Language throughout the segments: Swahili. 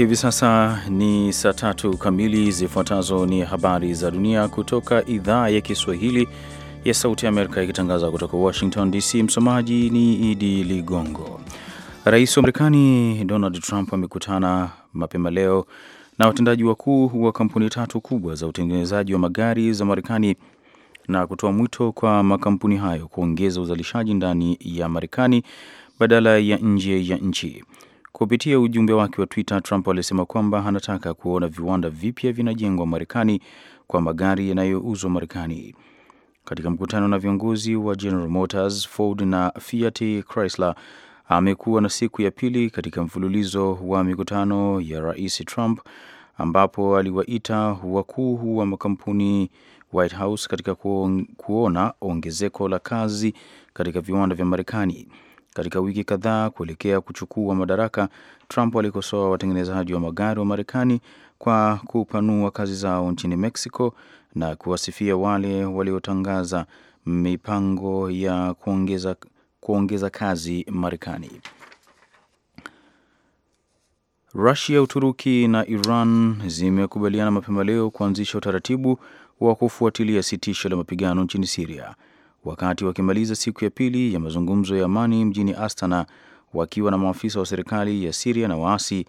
Hivi sasa ni saa tatu kamili. Zifuatazo ni habari za dunia kutoka idhaa ya Kiswahili ya Sauti Amerika ikitangaza kutoka Washington DC. Msomaji ni Idi Ligongo. Rais wa Marekani Donald Trump amekutana mapema leo na watendaji wakuu wa kampuni tatu kubwa za utengenezaji wa magari za Marekani na kutoa mwito kwa makampuni hayo kuongeza uzalishaji ndani ya Marekani badala ya nje ya nchi. Kupitia ujumbe wake wa Twitter, Trump alisema kwamba anataka kuona viwanda vipya vinajengwa Marekani kwa magari yanayouzwa Marekani. Katika mkutano na viongozi wa General Motors, Ford na Fiat Chrysler, amekuwa na siku ya pili katika mfululizo wa mikutano ya Rais Trump ambapo aliwaita wakuu wa makampuni White House katika kuona ongezeko la kazi katika viwanda vya Marekani. Katika wiki kadhaa kuelekea kuchukua madaraka, Trump alikosoa watengenezaji wa magari wa Marekani kwa kupanua kazi zao nchini Mexico na kuwasifia wale waliotangaza mipango ya kuongeza, kuongeza kazi Marekani. Rusia, Uturuki na Iran zimekubaliana mapema leo kuanzisha utaratibu wa kufuatilia sitisho la mapigano nchini Siria wakati wakimaliza siku ya pili ya mazungumzo ya amani mjini Astana wakiwa na maafisa wa serikali ya Siria na waasi.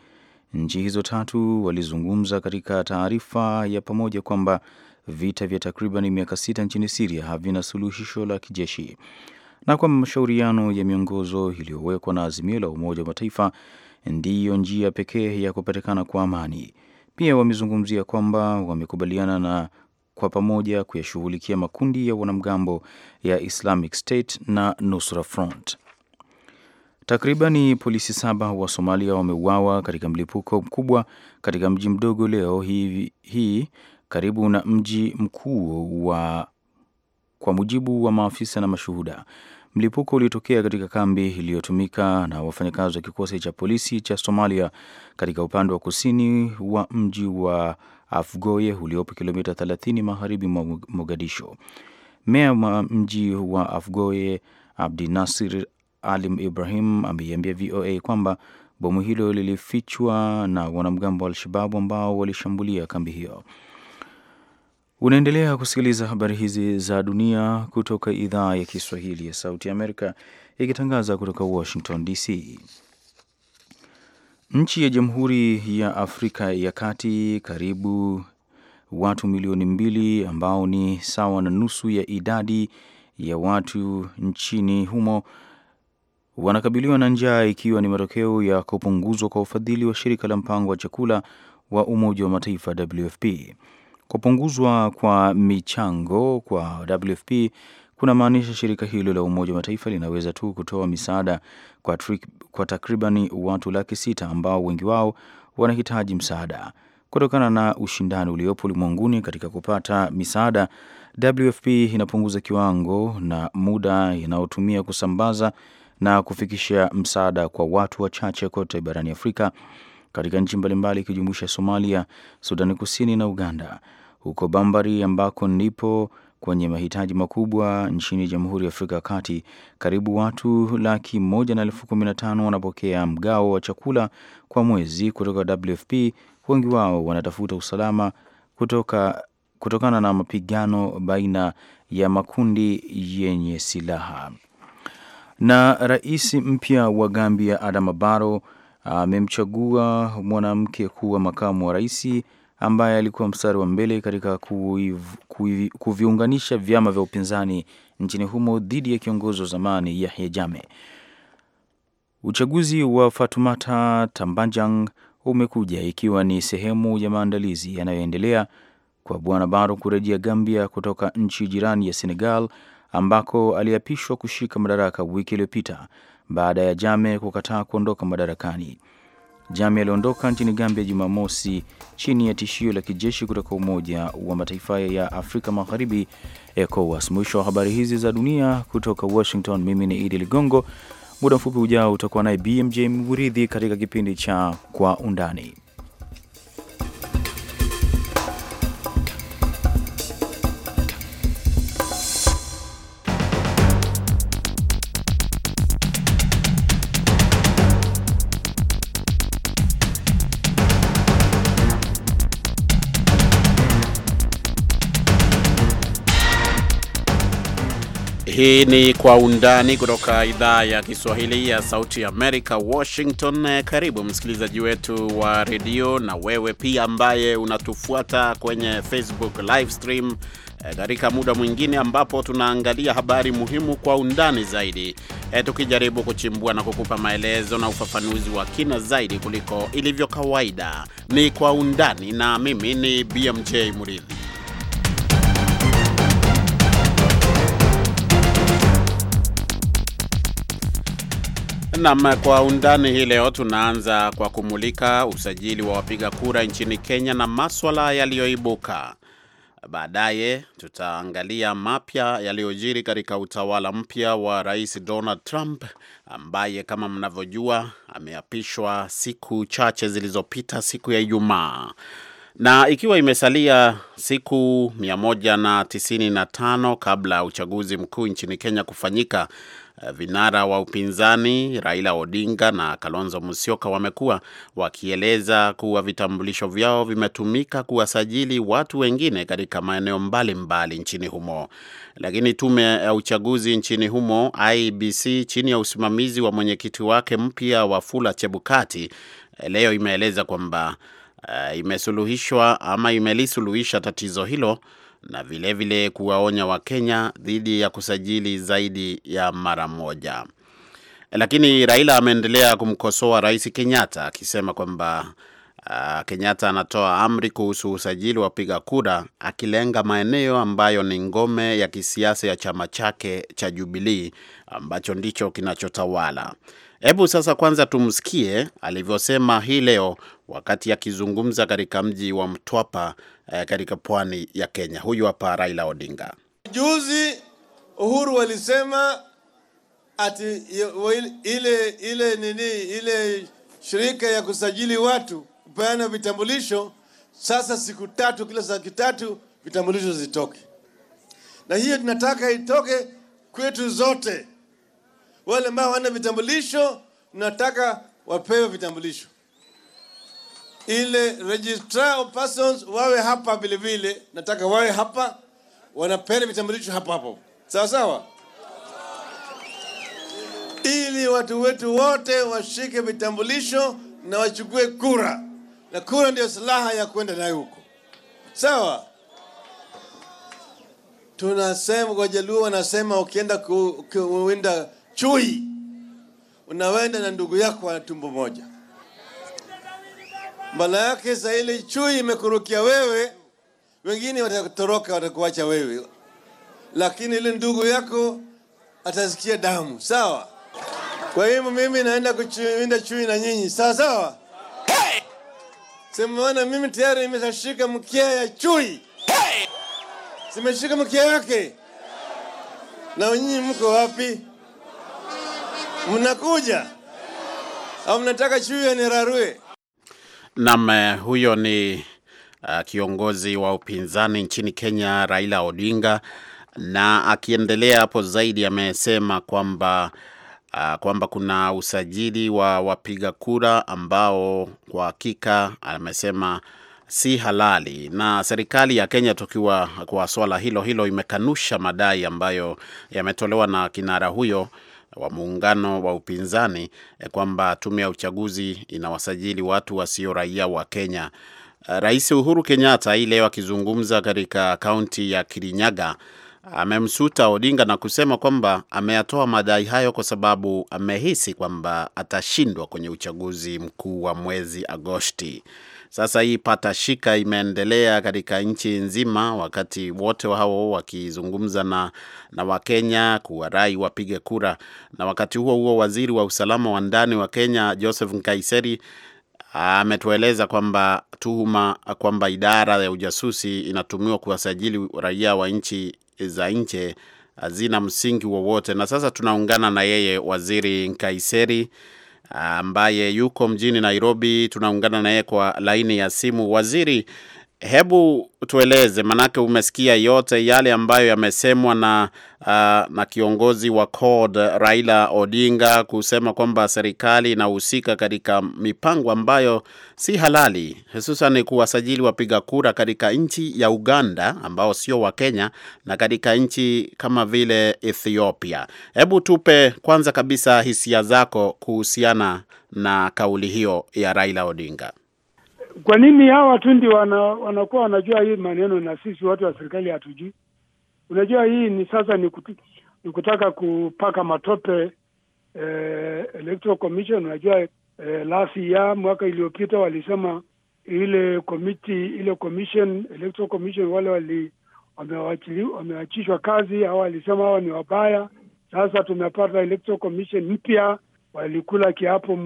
Nchi hizo tatu walizungumza katika taarifa ya pamoja kwamba vita vya takriban miaka sita nchini Siria havina suluhisho la kijeshi na kwamba mashauriano ya miongozo iliyowekwa na azimio la Umoja wa Mataifa ndiyo njia pekee ya kupatikana kwa amani. Pia wamezungumzia kwamba wamekubaliana na kwa pamoja kuyashughulikia makundi ya wanamgambo ya Islamic State na Nusra Front. Takribani polisi saba wa Somalia wameuawa katika mlipuko mkubwa katika mji mdogo leo hii hii karibu na mji mkuu wa kwa mujibu wa maafisa na mashuhuda. Mlipuko ulitokea katika kambi iliyotumika na wafanyakazi wa kikosi cha polisi cha Somalia katika upande wa kusini wa mji wa Afgoye uliopo kilomita 30 magharibi mwa Mogadisho. Meya wa mji wa Afgoye abdi nasir Alim Ibrahim ameiambia VOA kwamba bomu hilo lilifichwa na wanamgambo wa Al-Shababu ambao walishambulia kambi hiyo. Unaendelea kusikiliza habari hizi za dunia kutoka idhaa ya Kiswahili ya Sauti ya Amerika ikitangaza kutoka Washington DC. Nchi ya Jamhuri ya Afrika ya Kati karibu watu milioni mbili ambao ni sawa na nusu ya idadi ya watu nchini humo wanakabiliwa na njaa ikiwa ni matokeo ya kupunguzwa kwa ufadhili wa shirika la mpango wa chakula wa Umoja wa Mataifa WFP. Kupunguzwa kwa michango kwa WFP kunamaanisha shirika hilo la Umoja wa Mataifa linaweza tu kutoa misaada kwa, kwa takribani watu laki sita ambao wengi wao wanahitaji msaada. Kutokana na ushindani uliopo ulimwenguni katika kupata misaada, WFP inapunguza kiwango na muda inayotumia kusambaza na kufikisha msaada kwa watu wachache kote barani Afrika katika nchi mbalimbali ikijumuisha Somalia, Sudani Kusini na Uganda. Huko Bambari ambako ndipo kwenye mahitaji makubwa nchini Jamhuri ya Afrika ya Kati, karibu watu laki moja na elfu kumi na tano wanapokea mgao wa chakula kwa mwezi kutoka WFP. Wengi wao wanatafuta usalama kutoka kutokana na mapigano baina ya makundi yenye silaha. Na rais mpya wa Gambia Adama Barrow amemchagua mwanamke kuwa makamu wa raisi ambaye alikuwa mstari wa mbele katika kuviunganisha vyama vya upinzani nchini humo dhidi ya kiongozi wa zamani Yahya Jammeh. Uchaguzi wa Fatumata Tambajang umekuja ikiwa ni sehemu ya maandalizi yanayoendelea kwa Bwana Barrow kurejea Gambia kutoka nchi jirani ya Senegal ambako aliapishwa kushika madaraka wiki iliyopita baada ya Jammeh kukataa kuondoka madarakani jami aliondoka nchini Gambia Jumamosi chini ya tishio la kijeshi kutoka Umoja wa Mataifa ya Afrika Magharibi, ECOWAS. Mwisho wa habari hizi za dunia kutoka Washington, mimi ni Idi Ligongo. Muda mfupi ujao utakuwa naye BMJ Mridhi katika kipindi cha Kwa Undani. Hii ni Kwa Undani kutoka idhaa ya Kiswahili ya Sauti ya Amerika, Washington. Karibu msikilizaji wetu wa redio na wewe pia ambaye unatufuata kwenye Facebook live stream eh, katika e, muda mwingine ambapo tunaangalia habari muhimu kwa undani zaidi, e, tukijaribu kuchimbua na kukupa maelezo na ufafanuzi wa kina zaidi kuliko ilivyo kawaida. Ni Kwa Undani na mimi ni BMJ Muridhi. Nam kwa undani hii leo, tunaanza kwa kumulika usajili wa wapiga kura nchini Kenya na maswala yaliyoibuka. Baadaye tutaangalia mapya yaliyojiri katika utawala mpya wa Rais Donald Trump ambaye kama mnavyojua ameapishwa siku chache zilizopita siku ya Ijumaa. Na ikiwa imesalia siku 195 kabla ya uchaguzi mkuu nchini Kenya kufanyika, Vinara wa upinzani Raila Odinga na Kalonzo Musyoka wamekuwa wakieleza kuwa vitambulisho vyao vimetumika kuwasajili watu wengine katika maeneo mbalimbali nchini humo. Lakini tume ya uchaguzi nchini humo IBC chini ya usimamizi wa mwenyekiti wake mpya Wafula Chebukati leo imeeleza kwamba uh, imesuluhishwa ama imelisuluhisha tatizo hilo na vilevile kuwaonya Wakenya dhidi ya kusajili zaidi ya mara moja. Lakini Raila ameendelea kumkosoa Rais Kenyatta akisema kwamba uh, Kenyatta anatoa amri kuhusu usajili wa wapiga kura akilenga maeneo ambayo ni ngome ya kisiasa ya chama chake cha Jubilee ambacho ndicho kinachotawala. Hebu sasa kwanza tumsikie alivyosema hii leo wakati akizungumza katika mji wa Mtwapa eh, katika pwani ya Kenya. Huyu hapa Raila Odinga. Juzi Uhuru walisema ati ile ile nini ile shirika ya kusajili watu kupeana vitambulisho, sasa siku tatu, kila siku tatu vitambulisho zitoke, na hiyo tunataka itoke kwetu zote wale ambao hawana vitambulisho nataka wapewe vitambulisho ile registrar of persons wawe hapa vile vile nataka wawe hapa wanapele vitambulisho hapo hapo sawa sawa ili watu wetu wote washike vitambulisho na wachukue kura na kura ndio silaha ya kwenda nayo huko sawa tunasema jaluo wanasema ukienda kuenda ku, ku, chui, unawenda na ndugu yako ana tumbo moja. mbala yake saa ile chui imekurukia wewe, wengine watatoroka, watakuacha wewe, lakini ile ndugu yako atasikia damu, sawa? Kwa hivyo mimi naenda kuwinda chui na nyinyi, sawa sawa? Hey! mimi tayari nimeshashika mkia ya chui. Hey! Simeshika mkia yake. Na nyinyi mko wapi? Mnakuja au mnataka chuyo nirarue? Naam, eh, huyo ni uh, kiongozi wa upinzani nchini Kenya Raila Odinga, na akiendelea hapo zaidi amesema kwamba uh, kwamba kuna usajili wa wapiga kura ambao kwa hakika amesema si halali na serikali ya Kenya, tukiwa kwa swala hilo hilo, imekanusha madai ambayo yametolewa na kinara huyo wa muungano wa upinzani eh, kwamba tume ya uchaguzi inawasajili watu wasio raia wa Kenya. Eh, Rais Uhuru Kenyatta hii leo akizungumza katika kaunti ya Kirinyaga amemsuta Odinga na kusema kwamba ameyatoa madai hayo kwa sababu amehisi kwamba atashindwa kwenye uchaguzi mkuu wa mwezi Agosti. Sasa hii patashika imeendelea katika nchi nzima, wakati wote hao wakizungumza na, na Wakenya kuwarai wapige kura. Na wakati huo huo, waziri wa usalama wa ndani wa Kenya Joseph Nkaiseri ametueleza kwamba tuhuma kwamba idara ya ujasusi inatumiwa kuwasajili raia wa nchi Eh, za nje ah, hazina msingi wowote. Na sasa tunaungana na yeye Waziri Nkaiseri ah, ambaye yuko mjini Nairobi. Tunaungana na yeye kwa laini ya simu. Waziri, hebu tueleze, manake umesikia yote yale ambayo yamesemwa na uh, na kiongozi wa CORD Raila Odinga kusema kwamba serikali inahusika katika mipango ambayo si halali, hususan kuwasajili wapiga kura katika nchi ya Uganda ambao sio wa Kenya na katika nchi kama vile Ethiopia. Hebu tupe kwanza kabisa hisia zako kuhusiana na kauli hiyo ya Raila Odinga. Kwa nini hawa watu ndio wana, wanakuwa wanajua hii maneno na sisi watu wa serikali hatujui? Unajua hii ni sasa ni, kutu, ni kutaka kupaka matope eh, Electoral Commission. Unajua eh, last year mwaka iliyopita walisema ile committee ile commission Electoral Commission wale wali wameachishwa kazi, au walisema hawa ni wabaya. Sasa tumepata Electoral Commission mpya, walikula kiapo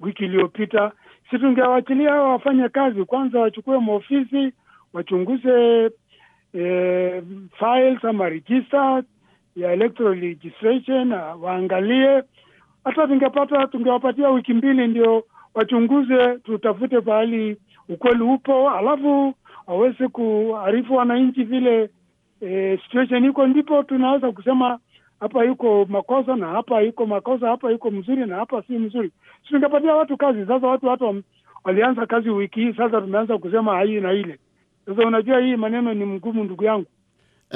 wiki iliyopita si tungewachilia hao wafanye kazi kwanza, wachukue maofisi, wachunguze e, files ama register ya electoral ah, waangalie. Hata tungepata tungewapatia wiki mbili ndio wachunguze, tutafute pahali ukweli upo, alafu waweze kuarifu wananchi vile e, situation iko, ndipo tunaweza kusema hapa iko makosa na hapa iko makosa, hapa iko mzuri na hapa si mzuri. Tungepatia watu kazi sasa. Watu watu walianza kazi wiki hii, sasa tumeanza kusema hii na ile. Sasa unajua hii maneno ni mgumu, ndugu yangu.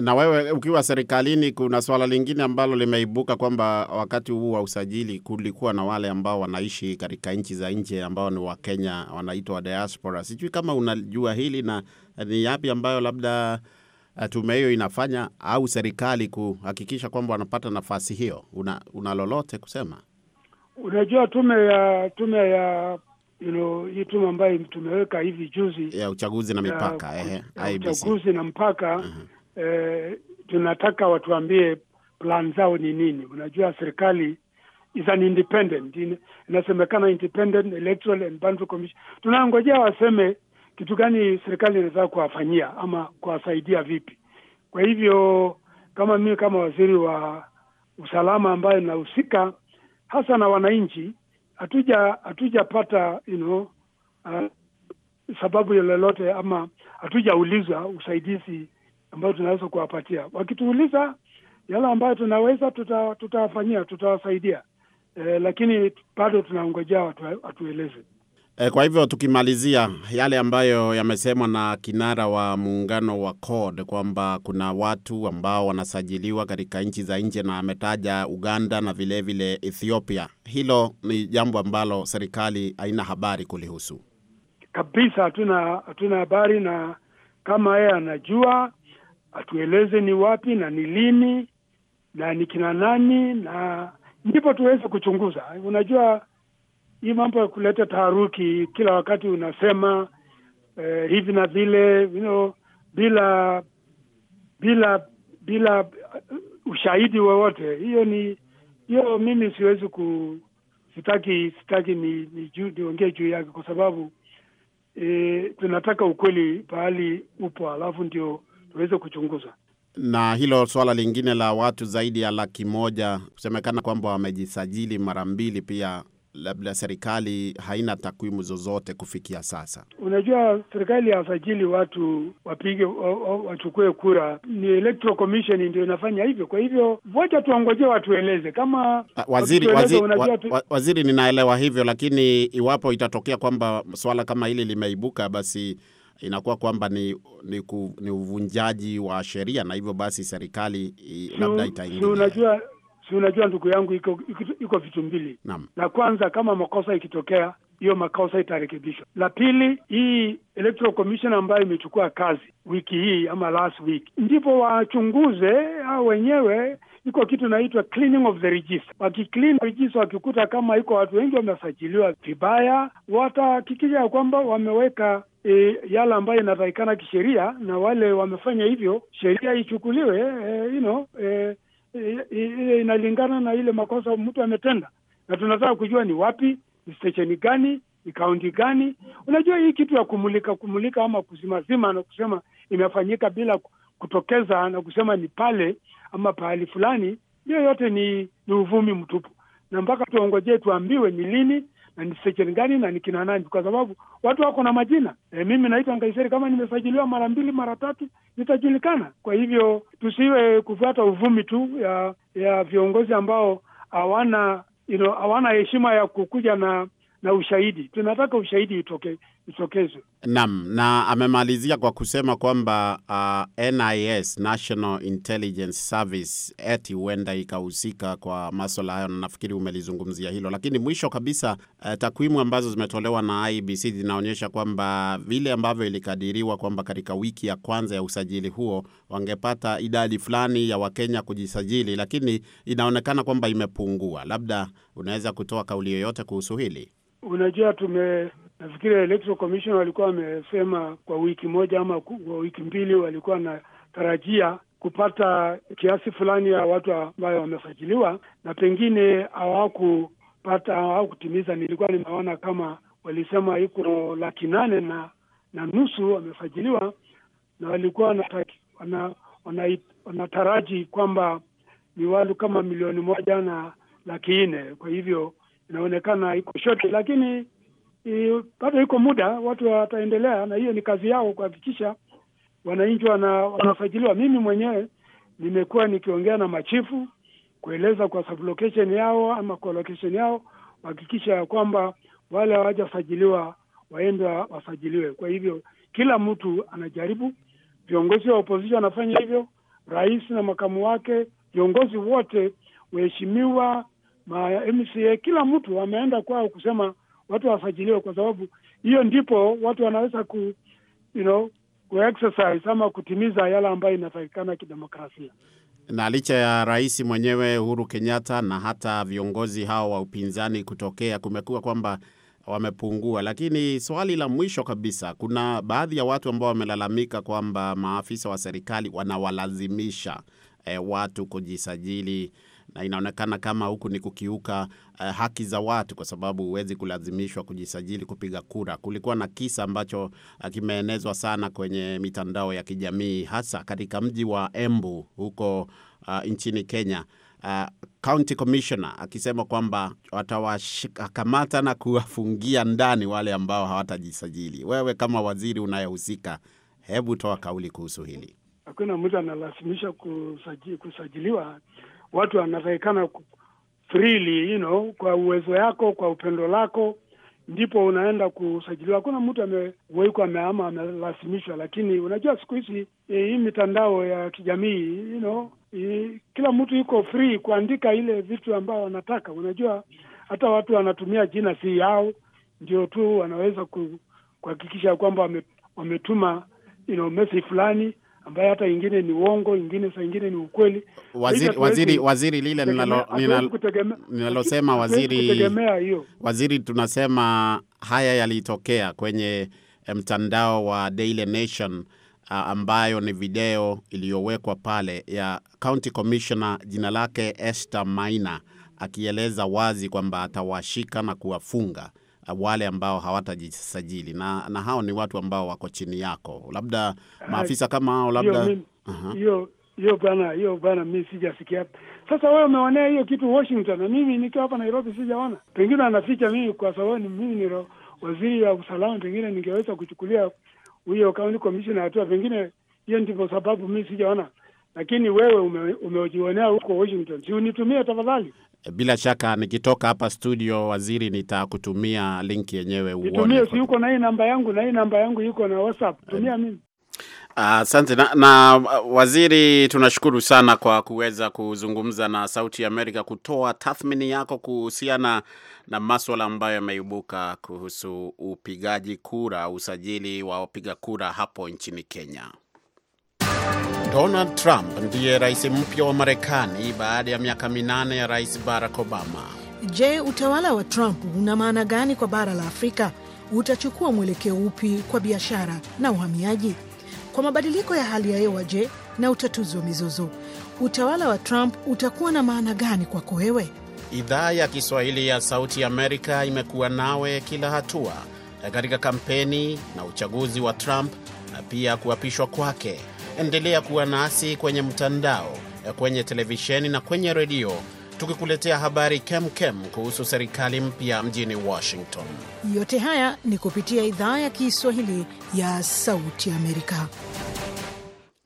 Na wewe ukiwa serikalini, kuna swala lingine ambalo limeibuka kwamba wakati huu wa usajili kulikuwa na wale ambao wanaishi katika nchi za nje ambao ni Wakenya wanaitwa diaspora. Sijui kama unajua hili na ni yapi ambayo labda Eh, tume hiyo inafanya au serikali kuhakikisha kwamba wanapata nafasi hiyo? Una, una lolote kusema? Unajua tume ya tume ya you know, hii tume ambayo tumeweka hivi juzi ya uchaguzi na mipaka ya, ya uchaguzi na mpaka uh -huh. eh, tunataka watuambie plan zao ni nini. Unajua serikali is an independent, inasemekana Independent Electoral and Boundary Commission. Tunangojea waseme kitu gani serikali inaweza kuwafanyia ama kuwasaidia vipi? Kwa hivyo kama mimi kama waziri wa usalama ambayo inahusika hasa na wananchi, hatuja hatujapata you know, uh, sababu lolote ama hatujaulizwa usaidizi ambayo tunaweza kuwapatia. Wakituuliza yale ambayo tunaweza, tutawafanyia tuta tutawasaidia, eh, lakini bado tunaongojea watueleze Eh, kwa hivyo tukimalizia yale ambayo yamesemwa na kinara wa muungano wa CORD kwamba kuna watu ambao wanasajiliwa katika nchi za nje, na ametaja Uganda na vilevile vile Ethiopia. Hilo ni jambo ambalo serikali haina habari kulihusu kabisa. Hatuna hatuna habari, na kama yeye anajua atueleze ni wapi na ni lini na ni kina nani, na ndipo tuweze kuchunguza. Unajua hii mambo ya kuleta taharuki kila wakati unasema eh, hivi na vile you know, bila bila bila uh, ushahidi wowote. Hiyo ni hiyo, mimi siwezi ku sitaki sitaki ni, ni ju, niongee juu yake kwa sababu e, tunataka ukweli pahali upo, alafu ndio tuweze kuchunguza na hilo swala lingine la watu zaidi ya laki moja kusemekana kwamba wamejisajili mara mbili pia labda serikali haina takwimu zozote kufikia sasa? Unajua, serikali hawasajili watu wapige wachukue kura, ni electoral commission ndio inafanya hivyo. Kwa hivyo voja tuongoje watueleze kama ah, waziri waziri, wa, tu... waziri, ninaelewa hivyo, lakini iwapo itatokea kwamba swala kama hili limeibuka, basi inakuwa kwamba ni ni, ku, ni uvunjaji wa sheria na hivyo basi serikali labda itaingilia. Unajua si unajua ndugu yangu, iko iko vitu mbili. La kwanza kama makosa ikitokea hiyo makosa itarekebishwa. La pili, hii electoral commission ambayo imechukua kazi wiki hii ama last week, ndipo wachunguze au ah, wenyewe. Iko kitu inaitwa cleaning of the register. register, wakikuta kama iko watu wengi wamesajiliwa vibaya, watahakikisha ya kwamba wameweka E, yale ambayo inatakikana kisheria, na wale wamefanya hivyo sheria ichukuliwe, e, you know, e, ile inalingana na ile makosa mtu ametenda, na tunataka kujua ni wapi, ni stesheni gani, ni kaunti gani. Unajua hii kitu ya kumulika kumulika ama kuzimazima na kusema imefanyika bila kutokeza na kusema ni pale ama pahali fulani, hiyo yote ni, ni uvumi mtupu, na mpaka tuongojee tuambiwe ni lini na ni gani na ni kina nani, kwa sababu watu wako na majina e, mimi naitwa Ngaiseri, Kama nimesajiliwa mara mbili mara tatu nitajulikana. Kwa hivyo tusiwe kufuata uvumi tu ya ya viongozi ambao hawana you know, heshima ya kukuja na na ushahidi. Tunataka ushahidi itokee msokezo. Naam, na amemalizia kwa kusema kwamba uh, NIS National Intelligence Service eti huenda ikahusika kwa maswala hayo, na nafikiri umelizungumzia hilo, lakini mwisho kabisa, uh, takwimu ambazo zimetolewa na IBC zinaonyesha kwamba vile ambavyo ilikadiriwa kwamba katika wiki ya kwanza ya usajili huo wangepata idadi fulani ya Wakenya kujisajili, lakini inaonekana kwamba imepungua. Labda unaweza kutoa kauli yoyote kuhusu hili? Unajua tume nafikiri electoral commission walikuwa wamesema kwa wiki moja ama kwa wiki mbili, walikuwa wanatarajia kupata kiasi fulani ya watu ambayo wamesajiliwa na pengine hawakupata, hawakutimiza. Nilikuwa nimeona kama walisema iko laki nane na na nusu wamesajiliwa, na walikuwa wanataraji wana, wana, wanataraji kwamba ni watu kama milioni moja na laki nne. Kwa hivyo inaonekana iko shoti, lakini bado iko muda, watu wataendelea, na hiyo ni kazi yao kuhakikisha wananchi wana, wanafuatiliwa. Mimi mwenyewe nimekuwa nikiongea na machifu kueleza kwa sublocation yao ama location yao, kuhakikisha ya kwamba wale hawajasajiliwa waende wasajiliwe. Kwa hivyo kila mtu anajaribu, viongozi wa opposition wanafanya hivyo, rais na makamu wake, viongozi wote, waheshimiwa ma MCA, kila mtu ameenda kwao kusema watu wafajiliwe, kwa sababu hiyo ndipo watu wanaweza ku, you know, ama kutimiza yale ambayo inatakikana kidemokrasia. Na licha ya rais mwenyewe Uhuru Kenyatta na hata viongozi hao wa upinzani kutokea, kumekuwa kwamba wamepungua. Lakini swali la mwisho kabisa, kuna baadhi ya watu ambao wamelalamika kwamba maafisa wa serikali wanawalazimisha eh, watu kujisajili na inaonekana kama huku ni kukiuka uh, haki za watu, kwa sababu huwezi kulazimishwa kujisajili kupiga kura. Kulikuwa na kisa ambacho uh, kimeenezwa sana kwenye mitandao ya kijamii, hasa katika mji wa Embu huko uh, nchini Kenya. Uh, county commissioner akisema kwamba watawakamata na kuwafungia ndani wale ambao hawatajisajili. Wewe kama waziri unayehusika, hebu toa kauli kuhusu hili. Hakuna mtu analazimisha kusajili, kusajiliwa watu wanatakikana freely, you know, kwa uwezo yako, kwa upendo lako ndipo unaenda kusajiliwa. Hakuna mtu amewekwa ameama amelazimishwa, lakini unajua siku hizi eh, hii mitandao ya kijamii you know, e, kila mtu yuko free kuandika ile vitu ambayo wanataka. Unajua hata watu wanatumia jina si yao, ndio tu wanaweza kuhakikisha kwamba wametuma you know, message fulani ambaye hata ingine ni uongo, ingine saa ingine ni ukweli. Waziri waziri waziri lile ninalosema waziri waziri, tunasema haya yalitokea kwenye eh, mtandao wa Daily Nation ah, ambayo ni video iliyowekwa pale ya County Commissioner jina lake Esther Maina akieleza wazi kwamba atawashika na kuwafunga wale ambao hawatajisajili na, na hao ni watu ambao wako chini yako, labda ah, maafisa kama hao, labda hiyo hiyo bana, hiyo bana, mi sijasikia. Sasa wewe umeonea hiyo kitu Washington na mimi nikiwa hapa Nairobi sijaona, pengine anaficha mimi kwa sababu ni mimi ni waziri wa usalama, pengine ningeweza kuchukulia huyo county commissioner hatua, pengine hiyo ndivyo sababu mi sijaona lakini wewe ume, umejionea huko Washington, si unitumie tafadhali. Eh, bila shaka nikitoka hapa studio, waziri, nitakutumia link yenyewe uone. Si uko na hii namba yangu, na hii namba yangu iko na WhatsApp, eh. tumia mimi Asante uh, na, na waziri, tunashukuru sana kwa kuweza kuzungumza na Sauti ya Amerika, kutoa tathmini yako kuhusiana na maswala ambayo yameibuka kuhusu upigaji kura, usajili wa wapiga kura hapo nchini Kenya. Donald Trump ndiye rais mpya wa Marekani baada ya miaka minane ya rais Barack Obama. Je, utawala wa Trump una maana gani kwa bara la Afrika? Utachukua mwelekeo upi kwa biashara na uhamiaji, kwa mabadiliko ya hali ya hewa? Je, na utatuzi wa mizozo, utawala wa Trump utakuwa na maana gani kwako wewe? Idhaa ya Kiswahili ya Sauti Amerika imekuwa nawe kila hatua eh, katika kampeni na uchaguzi wa Trump na pia kuapishwa kwake. Endelea kuwa nasi kwenye mtandao, kwenye televisheni na kwenye redio tukikuletea habari kemkem kuhusu serikali mpya mjini Washington. Yote haya ni kupitia idhaa ya Kiswahili ya Sauti Amerika.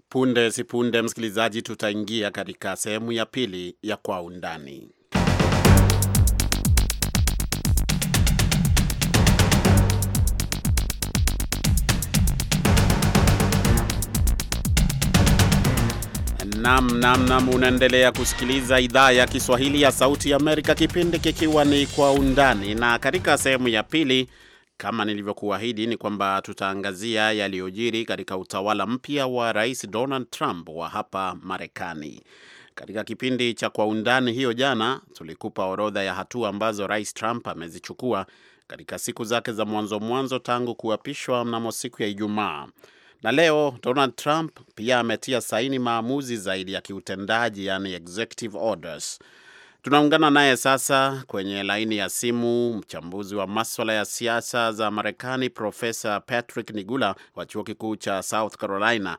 Punde si punde, msikilizaji, tutaingia katika sehemu ya pili ya Kwa Undani. Nam nam nam, unaendelea kusikiliza idhaa ya Kiswahili ya Sauti ya Amerika, kipindi kikiwa ni Kwa Undani, na katika sehemu ya pili, kama nilivyokuahidi, ni kwamba tutaangazia yaliyojiri katika utawala mpya wa Rais Donald Trump wa hapa Marekani. Katika kipindi cha Kwa Undani hiyo jana, tulikupa orodha ya hatua ambazo Rais Trump amezichukua katika siku zake za mwanzo mwanzo tangu kuapishwa mnamo siku ya Ijumaa na leo Donald Trump pia ametia saini maamuzi zaidi ya kiutendaji, yani executive orders. Tunaungana naye sasa kwenye laini ya simu mchambuzi wa maswala ya siasa za Marekani, Profesa Patrick Nigula wa chuo kikuu cha South Carolina.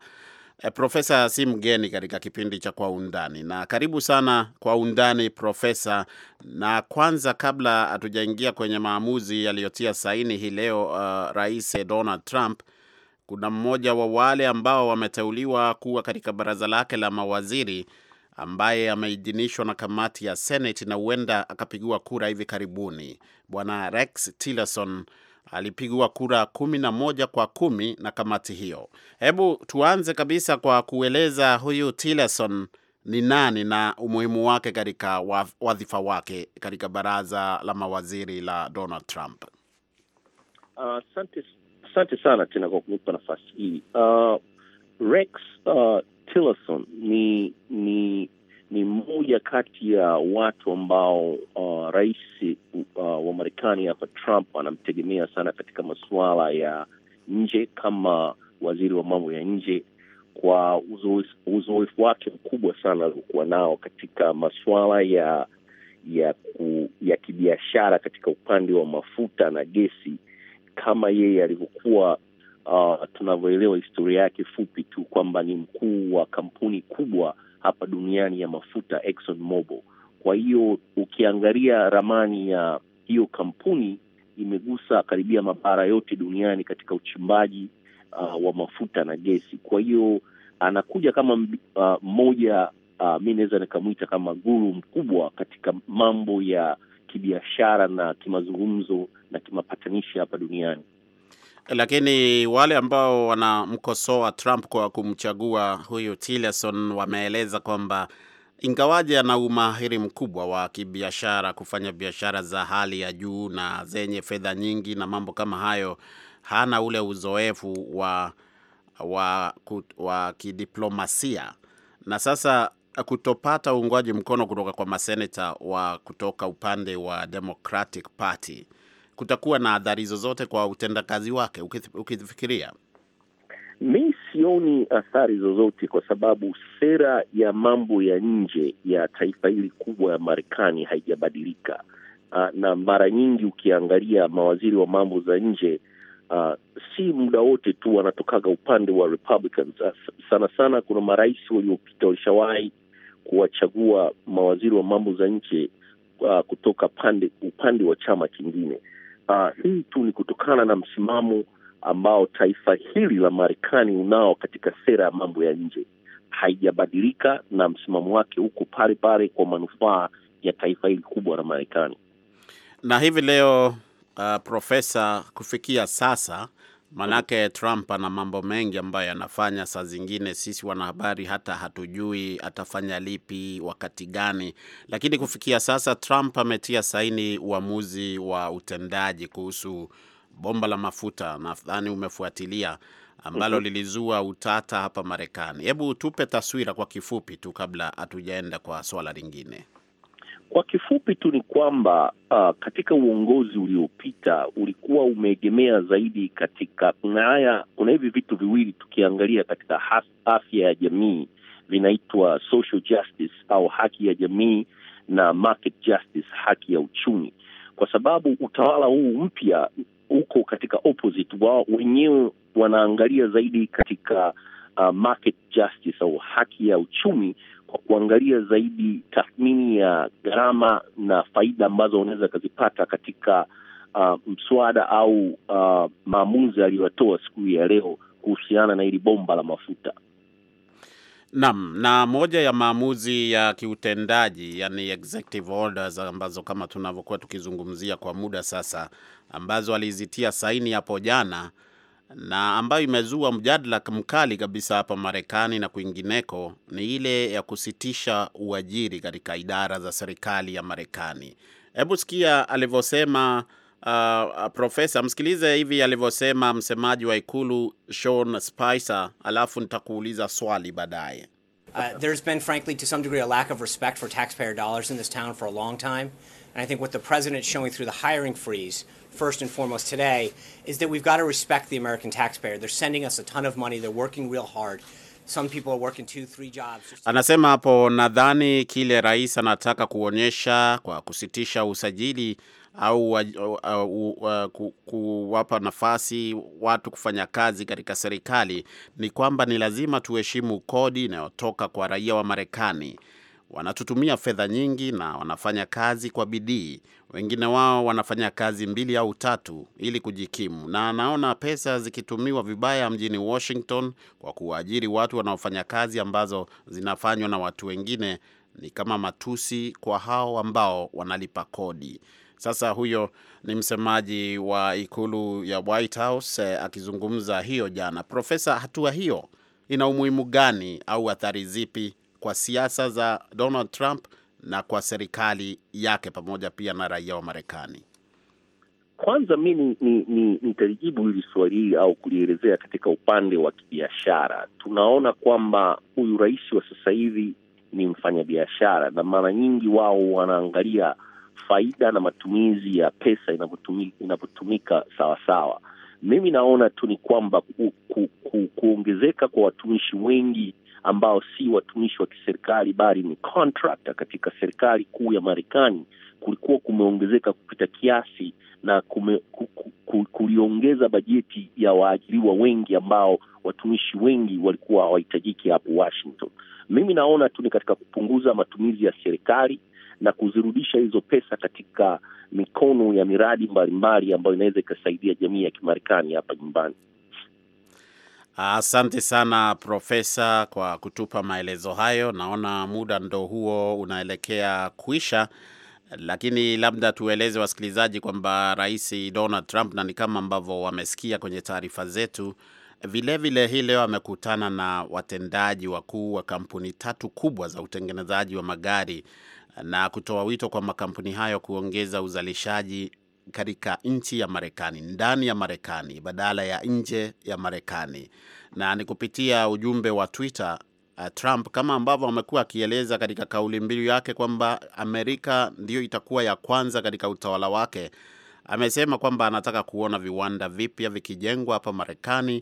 E, eh, profesa si mgeni katika kipindi cha Kwa Undani, na karibu sana Kwa Undani profesa. Na kwanza kabla hatujaingia kwenye maamuzi yaliyotia saini hii leo uh, Rais Donald Trump kuna mmoja wa wale ambao wameteuliwa kuwa katika baraza lake la mawaziri ambaye ameidhinishwa na kamati ya Senate na huenda akapigiwa kura hivi karibuni. Bwana Rex Tillerson alipigiwa kura kumi na moja kwa kumi na kamati hiyo. Hebu tuanze kabisa kwa kueleza huyu Tillerson ni nani na umuhimu wake katika wadhifa wake katika baraza la mawaziri la Donald Trump. Asante uh, asante sana tena kwa kunipa nafasi hii. Uh, Rex uh, Tillerson ni ni ni mmoja kati ya watu ambao uh, rais uh, wa Marekani hapa Trump anamtegemea sana katika masuala ya nje kama waziri wa mambo ya nje kwa uzoefu wake mkubwa sana aliokuwa nao katika masuala ya ya, ya kibiashara katika upande wa mafuta na gesi kama yeye alivyokuwa uh, tunavyoelewa historia yake fupi tu kwamba ni mkuu wa kampuni kubwa hapa duniani ya mafuta Exxon Mobil. Kwa hiyo ukiangalia ramani ya hiyo kampuni imegusa karibia mabara yote duniani katika uchimbaji uh, wa mafuta na gesi. Kwa hiyo anakuja kama uh, mmoja uh, uh, mi naweza nikamwita kama guru mkubwa katika mambo ya kibiashara na kimazungumzo na kimapatanishi hapa duniani. Lakini wale ambao wanamkosoa Trump kwa kumchagua huyu Tillerson wameeleza kwamba ingawaje ana umahiri mkubwa wa kibiashara, kufanya biashara za hali ya juu na zenye fedha nyingi na mambo kama hayo, hana ule uzoefu wa wa, wa kidiplomasia. Na sasa kutopata uungwaji mkono kutoka kwa maseneta wa kutoka upande wa Democratic Party kutakuwa na adhari zozote kwa utendakazi wake ukifikiria? Mi sioni athari zozote, kwa sababu sera ya mambo ya nje ya taifa hili kubwa ya Marekani haijabadilika, ah, na mara nyingi ukiangalia mawaziri wa mambo za nje Uh, si muda wote tu wanatokaga upande wa Republicans. Ah, sana sana kuna marais waliopita walishawahi kuwachagua mawaziri wa mambo za nje uh, kutoka pande, upande wa chama kingine. Uh, hii tu ni kutokana na msimamo ambao taifa hili la Marekani unao katika sera ya mambo ya nje, haijabadilika na msimamo wake huko pale pale kwa manufaa ya taifa hili kubwa la Marekani. Na hivi leo uh, Profesa, kufikia sasa Manake Trump ana mambo mengi ambayo anafanya, saa zingine sisi wanahabari hata hatujui atafanya lipi wakati gani, lakini kufikia sasa Trump ametia saini uamuzi wa utendaji kuhusu bomba la mafuta, nadhani umefuatilia, ambalo mhm. lilizua utata hapa Marekani. Hebu tupe taswira kwa kifupi tu kabla hatujaenda kwa swala lingine. Kwa kifupi tu ni kwamba uh, katika uongozi uliopita ulikuwa umeegemea zaidi katika, kuna haya, kuna hivi vitu viwili tukiangalia katika afya ya jamii vinaitwa social justice au haki ya jamii na market justice, haki ya uchumi, kwa sababu utawala huu mpya uko katika opposite, wao wenyewe wanaangalia zaidi katika uh, market justice au haki ya uchumi kwa kuangalia zaidi tathmini ya gharama na faida ambazo unaweza akazipata katika uh, mswada au uh, maamuzi aliyoyatoa siku ya leo kuhusiana na hili bomba la mafuta. Naam, na moja ya maamuzi ya kiutendaji yani executive orders ambazo kama tunavyokuwa tukizungumzia kwa muda sasa, ambazo alizitia saini hapo jana na ambayo imezua mjadala mkali kabisa hapa Marekani na kwingineko ni ile ya kusitisha uajiri katika idara za serikali ya Marekani. Hebu sikia alivyosema uh, profesa, msikilize hivi alivyosema msemaji wa ikulu Sean Spicer, alafu nitakuuliza swali baadaye. Uh, there's been frankly to some degree a lack of respect for taxpayer dollars in this town for a long time and I think what the showing through the hiring freeze first and foremost today is that we've got to respect the American taxpayer. They're sending us a ton of money. They're working real hard. Some people are working two, three jobs. Anasema hapo, nadhani kile rais anataka kuonyesha kwa kusitisha usajili au kuwapa nafasi watu kufanya kazi katika serikali ni kwamba ni lazima tuheshimu kodi inayotoka kwa raia wa Marekani. Wanatutumia fedha nyingi na wanafanya kazi kwa bidii. Wengine wao wanafanya kazi mbili au tatu ili kujikimu, na anaona pesa zikitumiwa vibaya mjini Washington kwa kuwaajiri watu wanaofanya kazi ambazo zinafanywa na watu wengine ni kama matusi kwa hao ambao wanalipa kodi. Sasa huyo ni msemaji wa ikulu ya White House eh, akizungumza hiyo jana. Profesa, hatua hiyo ina umuhimu gani au athari zipi kwa siasa za Donald Trump na kwa serikali yake pamoja pia na raia wa Marekani? Kwanza mi nitalijibu ni, ni, hili swali hili au kulielezea katika upande wa kibiashara. Tunaona kwamba huyu rais wa sasa hivi ni mfanyabiashara, na mara nyingi wao wanaangalia faida na matumizi ya pesa inavyotumika sawasawa. Mimi naona tu ni kwamba ku, ku, ku, kuongezeka kwa watumishi wengi ambao si watumishi wa kiserikali bali ni contractor katika serikali kuu ya Marekani kulikuwa kumeongezeka kupita kiasi na kume, ku, ku, kuliongeza bajeti ya waajiriwa wengi ambao watumishi wengi walikuwa hawahitajiki hapo Washington. Mimi naona tu ni katika kupunguza matumizi ya serikali na kuzirudisha hizo pesa katika mikono ya miradi mbalimbali ambayo inaweza ikasaidia jamii ya Kimarekani hapa nyumbani. Asante sana Profesa kwa kutupa maelezo hayo. Naona muda ndo huo unaelekea kuisha, lakini labda tueleze wasikilizaji kwamba Rais Donald Trump, na ni kama ambavyo wamesikia kwenye taarifa zetu, vilevile hii leo amekutana na watendaji wakuu wa kampuni tatu kubwa za utengenezaji wa magari na kutoa wito kwa makampuni hayo kuongeza uzalishaji katika nchi ya Marekani, ndani ya Marekani badala ya nje ya Marekani. Na ni kupitia ujumbe wa Twitter uh, Trump kama ambavyo amekuwa akieleza katika kauli mbiu yake kwamba Amerika ndiyo itakuwa ya kwanza katika utawala wake amesema kwamba anataka kuona viwanda vipya vikijengwa hapa Marekani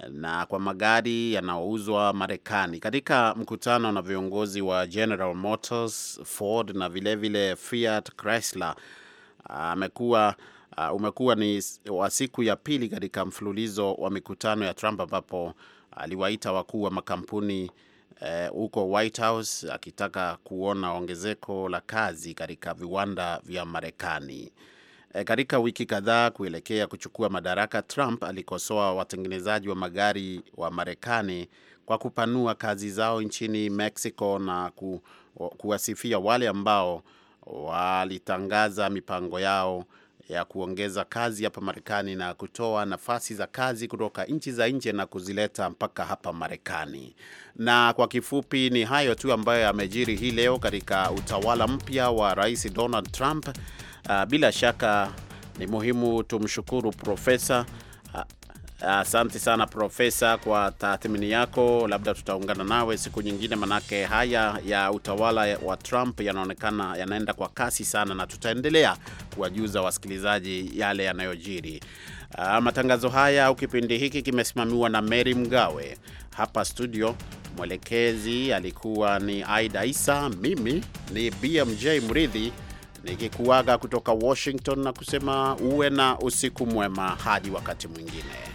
eh, na kwa magari yanayouzwa Marekani. Katika mkutano na viongozi wa General Motors, Ford na vilevile vile Fiat Chrysler, amekuwa uh, umekuwa ni wa siku ya pili katika mfululizo wa mikutano ya Trump ambapo aliwaita wakuu wa makampuni eh, huko uh, White House akitaka kuona ongezeko la kazi katika viwanda vya Marekani. Eh, katika wiki kadhaa kuelekea kuchukua madaraka, Trump alikosoa watengenezaji wa magari wa Marekani kwa kupanua kazi zao nchini Mexico na ku, kuwasifia wale ambao walitangaza mipango yao ya kuongeza kazi hapa Marekani na kutoa nafasi za kazi kutoka nchi za nje na kuzileta mpaka hapa Marekani. Na kwa kifupi ni hayo tu ambayo yamejiri hii leo katika utawala mpya wa Rais Donald Trump. Ah, bila shaka ni muhimu tumshukuru Profesa Asante uh, sana Profesa kwa tathmini yako. Labda tutaungana nawe siku nyingine, manake haya ya utawala wa Trump yanaonekana yanaenda kwa kasi sana, na tutaendelea kuwajuza wasikilizaji yale yanayojiri. Uh, matangazo haya au kipindi hiki kimesimamiwa na Mary Mgawe hapa studio. Mwelekezi alikuwa ni Aida Isa, mimi ni BMJ Mridhi nikikuaga kutoka Washington na kusema uwe na usiku mwema hadi wakati mwingine.